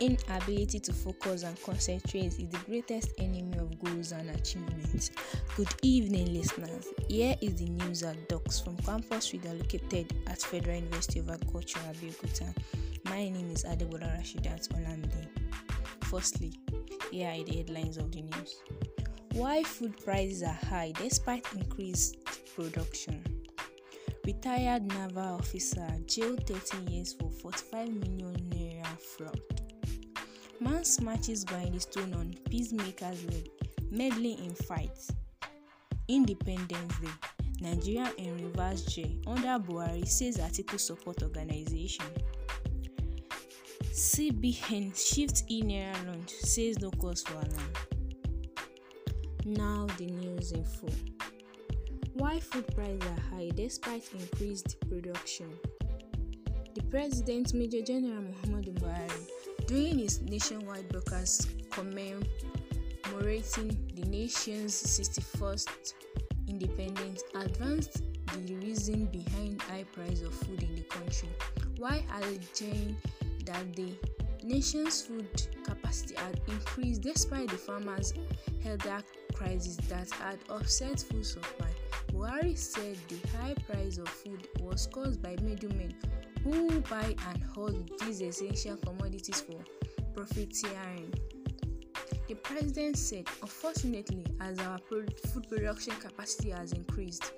Inability to focus and concentrate is the greatest enemy of goals and achievements. Good evening, listeners. Here is the news at Docs from Campus Reader located at Federal University of Agriculture, Abeokuta. My name is Adebola Rashidat Olamide. Firstly, here are the headlines of the news. Why food prices are high despite increased production. Retired naval officer jailed 13 years for 45 million naira fraud. Man smashes by stone on peacemaker's leg, meddling in fights. Independence Day. Nigeria in reverse J under Buhari says article support organization. CBN shifts in nearer launch says no cause for alarm. Now the news in full. Why food prices are high despite increased production? The President Major General Muhammadu Buhari During his nationwide broadcast commemorating the nation's 61st independence, advanced the reason behind high price of food in the country, I'll alleging that the nation's food capacity had increased despite the farmers' health crisis that had offset food supply. Buhari said the high price of food was caused by middlemen who buy and hold these essential commodities for profiteering. The president said, unfortunately, as our food production capacity has increased,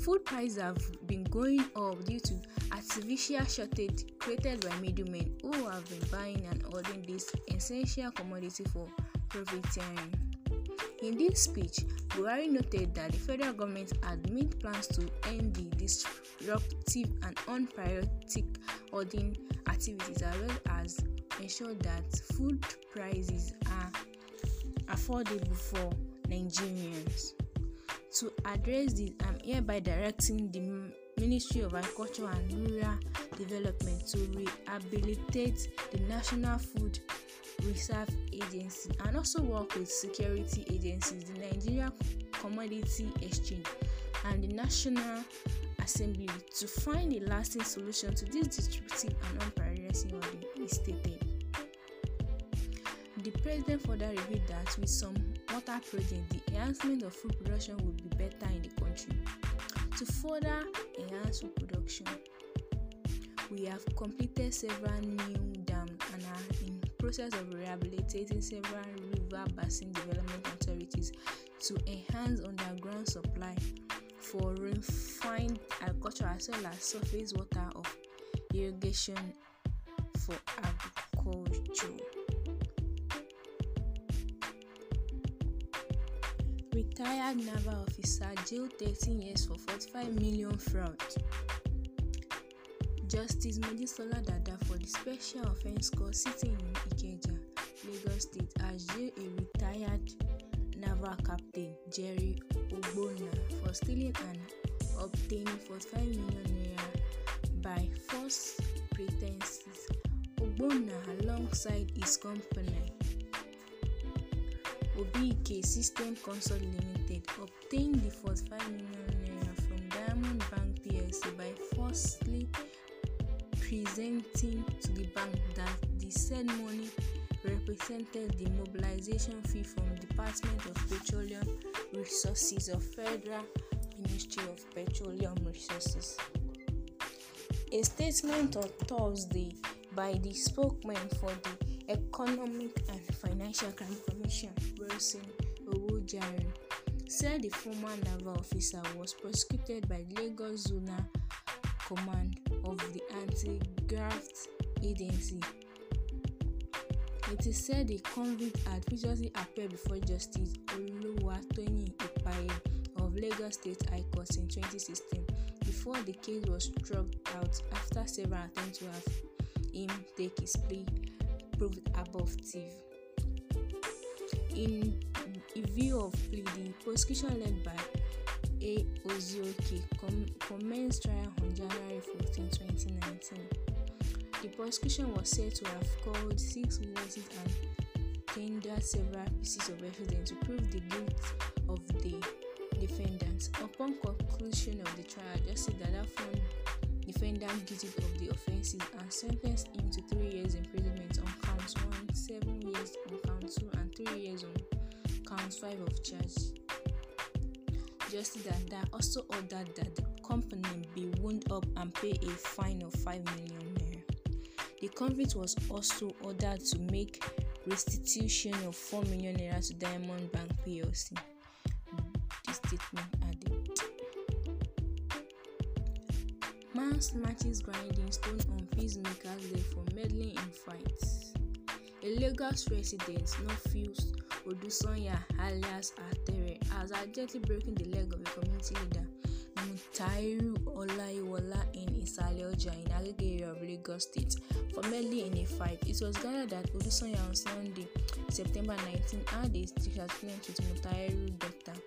food prices have been going up due to artificial shortage created by middlemen who have been buying and holding this essential commodity for profiteering. In this speech, Buhari noted that the federal government had made plans to end the disruptive and unpatriotic hoarding activities as well as ensure that food prices are affordable for Nigerians. To address this, I'm hereby directing the Ministry of Agriculture and Rural Development to rehabilitate the National Food Reserve Agency and also work with security agencies, the Nigeria Commodity Exchange and the National Assembly to find a lasting solution to this disruptive and unparalleled order, he stated. The president further revealed that with some water projects, the enhancement of food production would be better in the country. To further enhance food production, we have completed several new dams and are in process of rehabilitating several river basin development authorities to enhance underground supply for refined agriculture as well as surface water of irrigation for agriculture. Retired naval officer jailed 13 years for 45 million fraud. Justice Mojisola Dada for the Special Offense Court sitting in Ikeja, Lagos State has jailed a retired naval captain, Jerry Ogbonna, for stealing and obtaining five million naira by false pretenses. Ogbonna, alongside his company, Obike System Consult Limited, obtained the five million naira from Diamond Bank PLC by falsely representing to the bank that the said money represented the mobilization fee from Department of Petroleum Resources of Federal Ministry of Petroleum Resources. A statement on Thursday by the spokesman for the Economic and Financial Crime Commission, Wilson Owojaren, said the former naval officer was prosecuted by Lagos Zonal Command of the Anti Graft Agency. It is said the convict had previously appeared before Justice Oluwatoyin Ipaye of Lagos State High Court in 2016 before the case was struck out after several attempts to have him take his plea proved abortive. In, view of pleading, prosecution led by A. Ozioke com- commenced trial on January 14, 2019. The prosecution was said to have called six witnesses and tendered several pieces of evidence to prove the guilt of the defendants. Upon conclusion of the trial, Justice Dada found defendant guilty of the offences and sentenced him to three years imprisonment on count one, seven years on count two, and three years on count five of charge suggested that Dang also ordered that the company be wound up and pay a fine of 5 million naira. The convict was also ordered to make restitution of 4 million naira to Diamond Bank PLC. The statement added. Man smashes grinding stone on peacemaker's leg for meddling in fights. A Lagos resident not feels Odusanya alias Atare has gently breaking the leg of a community leader, Mutairu Olaiwola in Isale-Oja in Agege area of Lagos State, formerly in a fight. It was gathered that Odusanya on Sunday, September 19, had a disagreement with Mutairu Dr.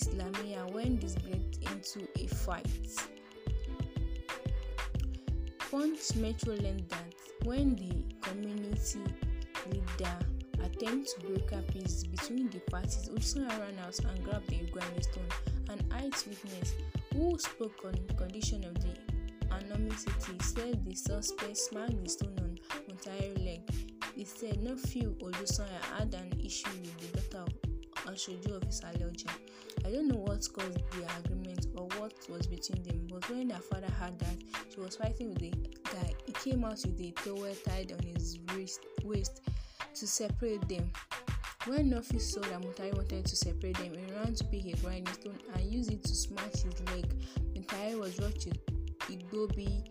Islamia when this breaks into a fight. Punch Metro learned that when the community leader attempt to break up peace between the parties, Olsonara ran out and grabbed the Ugandan stone. An Heights witness who spoke on condition of the anonymity said the suspect smacked the stone on Montaire's leg. He said no few Olsonara had an issue with the daughter of Ashoju of Isaleoja. I don't know what caused the agreement or what was between them, but when her father heard that she was fighting with the guy, he came out with a towel tied on his wrist, waist to separate them. When Nuffy saw that Mutai wanted to separate them, he ran to pick a grinding stone and used it to smash his leg. Mutai was rushed to Igbobi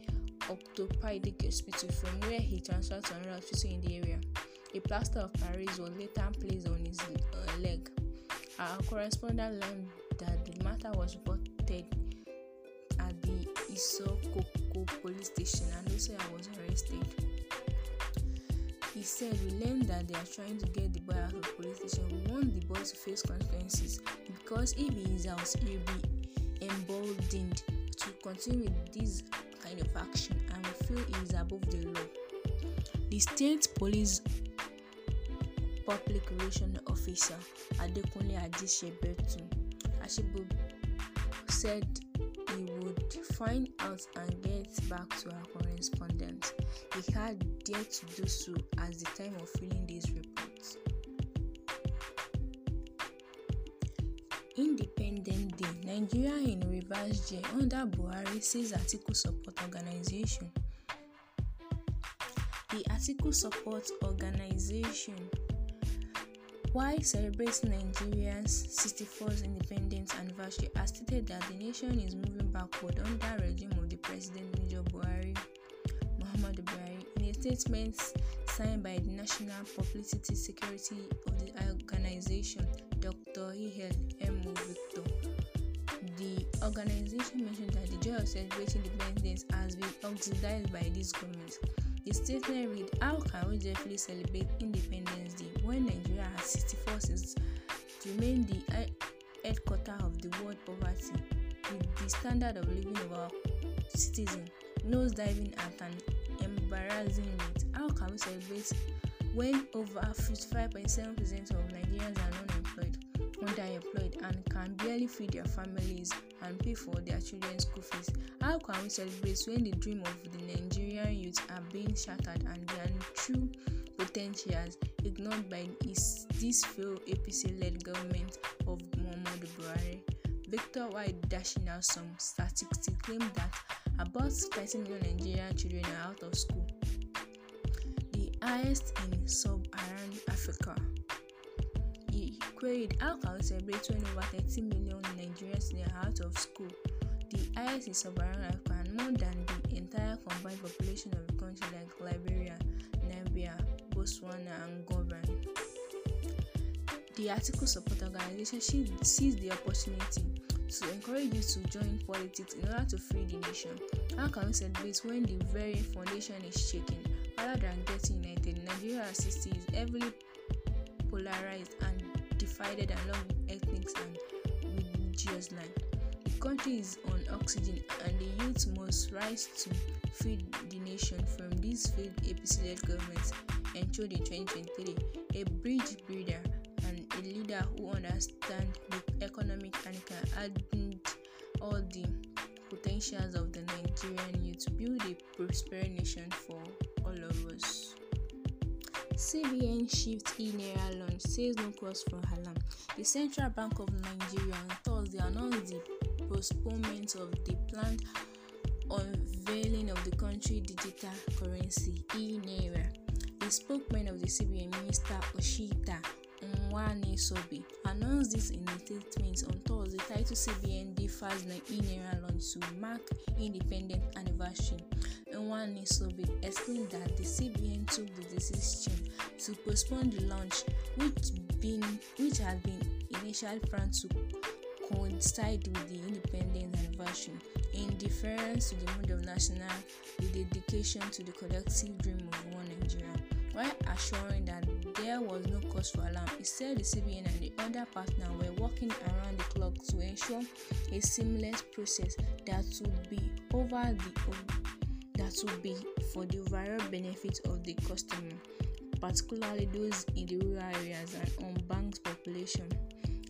Octopedic Hospital, from where he transferred to another hospital in the area. A plaster of Paris was later placed on his uh, leg. Our correspondent learned that the matter was reported at the Isokoko police station and also I was arrested. He said, We learned that they are trying to get the boy out of the police station. We want the boy to face consequences because if he is out, he will be emboldened to continue with this kind of action and we feel he is above the law. The state police public relations officer Adekunle Ajisebetu Ashibu said find out and get back to her correspondent. had dared to do so at the time of filling this report. Independent Day Nigeria in reverse J. under Buhari says Article Support Organization. The Article Support Organization While celebrating Nigeria's 64th independence anniversary has stated that the nation is moving backward under the regime of the President Major Buhari, Muhammadu Buhari, in a statement signed by the National Publicity Security of the organization, Dr. Hihel M. Victor. The organization mentioned that the joy of celebrating independence has been oxidized by this government. The statement read, How can we joyfully celebrate independence? when Nigeria has 64 cities to remain the headquarters of the world poverty, with the standard of living of our citizens nosediving at an embarrassing rate, how can we celebrate when over 55.7% of Nigerians are unemployed, underemployed, and can barely feed their families and pay for their children's school fees? How can we celebrate when the dream of the Nigerian youth are being shattered and their true potentials ignored by his, this failed APC-led government of Muhammadu Buhari. Victor White dashing out some statistics claimed that about 30 million Nigerian children are out of school, the highest in sub-Saharan Africa. He queried, "How can we celebrate when over 30 million Nigerians are out of school, the highest in sub-Saharan Africa, more than the entire combined population of a country like Liberia, Namibia, Botswana, and govern. The article support organization sees the opportunity to encourage youth to join politics in order to free the nation. How can we celebrate when the very foundation is shaking? Rather than getting united, Nigeria society is heavily polarized and divided along ethnic and religious lines. The country is on oxygen, and the youth must rise to free the nation from these failed APC-led governments in 2023 a bridge builder and a leader who understands the economic and can add all the potentials of the Nigerian youth to build a prosperous nation for all of us. CBN shifts in era launch says no cost for alarm. The Central Bank of Nigeria on Thursday announced the postponement of the planned unveiling of the country digital currency e-naira the spokesman of the CBN, Minister Oshita Nwane Sobi, announced this in a statement on Thursday titled CBN Differs Nigerian Launch to Mark Independent Anniversary. Nwane Sobi explained that the CBN took the decision to postpone the launch, which, been, which had been initially planned to coincide with the independence anniversary in deference to the mood of national dedication to the collective dream of one Nigeria. while assuring that there was no cause for alarm. He said the CBN and the other partner were working around the clock to ensure a seamless process that would be over the that would be for the overall benefit of the customer, particularly those in the rural areas and unbanked population.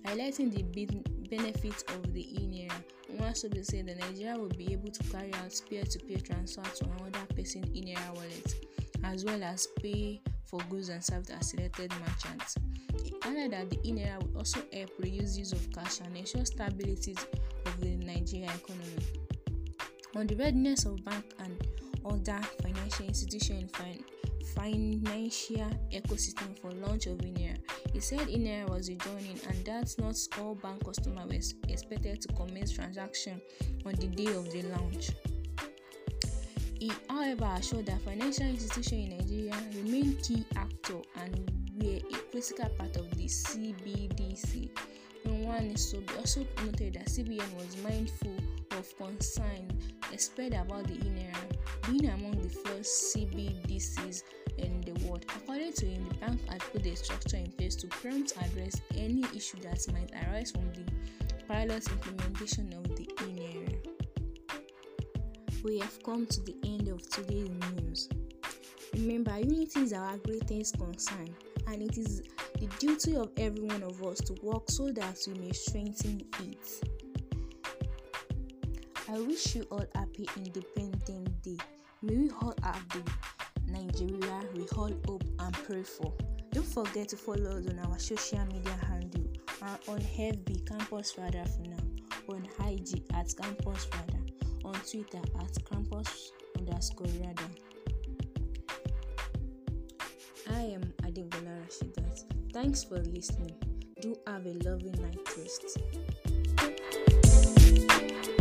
Highlighting the benefits of the in-area, Nwasobi said that Nigeria will be able to carry out peer-to-peer transfer to another person in-area wallet. as well as pay for goods and services at selected merchants. It added that the INERA will also help reduce use of cash and ensure stability of the Nigerian economy. On the readiness of bank and other financial institution fin- financial ecosystem for launch of INERA, he said INERA was a joining and that not all bank customers were expected to commence transaction on the day of the launch. He, However, assured that financial institutions in Nigeria remain key actors and were a critical part of the CBDC. one Nwanisogbe also noted that CBN was mindful of concerns expressed about the INERA being among the first CBDCs in the world. According to him, the bank had put a structure in place to prompt address any issue that might arise from the pilot implementation of the INERA. We have come to the end of today's news. Remember, unity is our greatest concern, and it is the duty of every one of us to work so that we may strengthen it. I wish you all happy Independence Day. May we all have the Nigeria we all hope and pray for. Don't forget to follow us on our social media handle and on FB Campus Radar for now, on IG at Campus Radar on Twitter at Krampus underscore Radha. I am Adebola Rashidat. Thanks for listening. Do have a lovely night rest.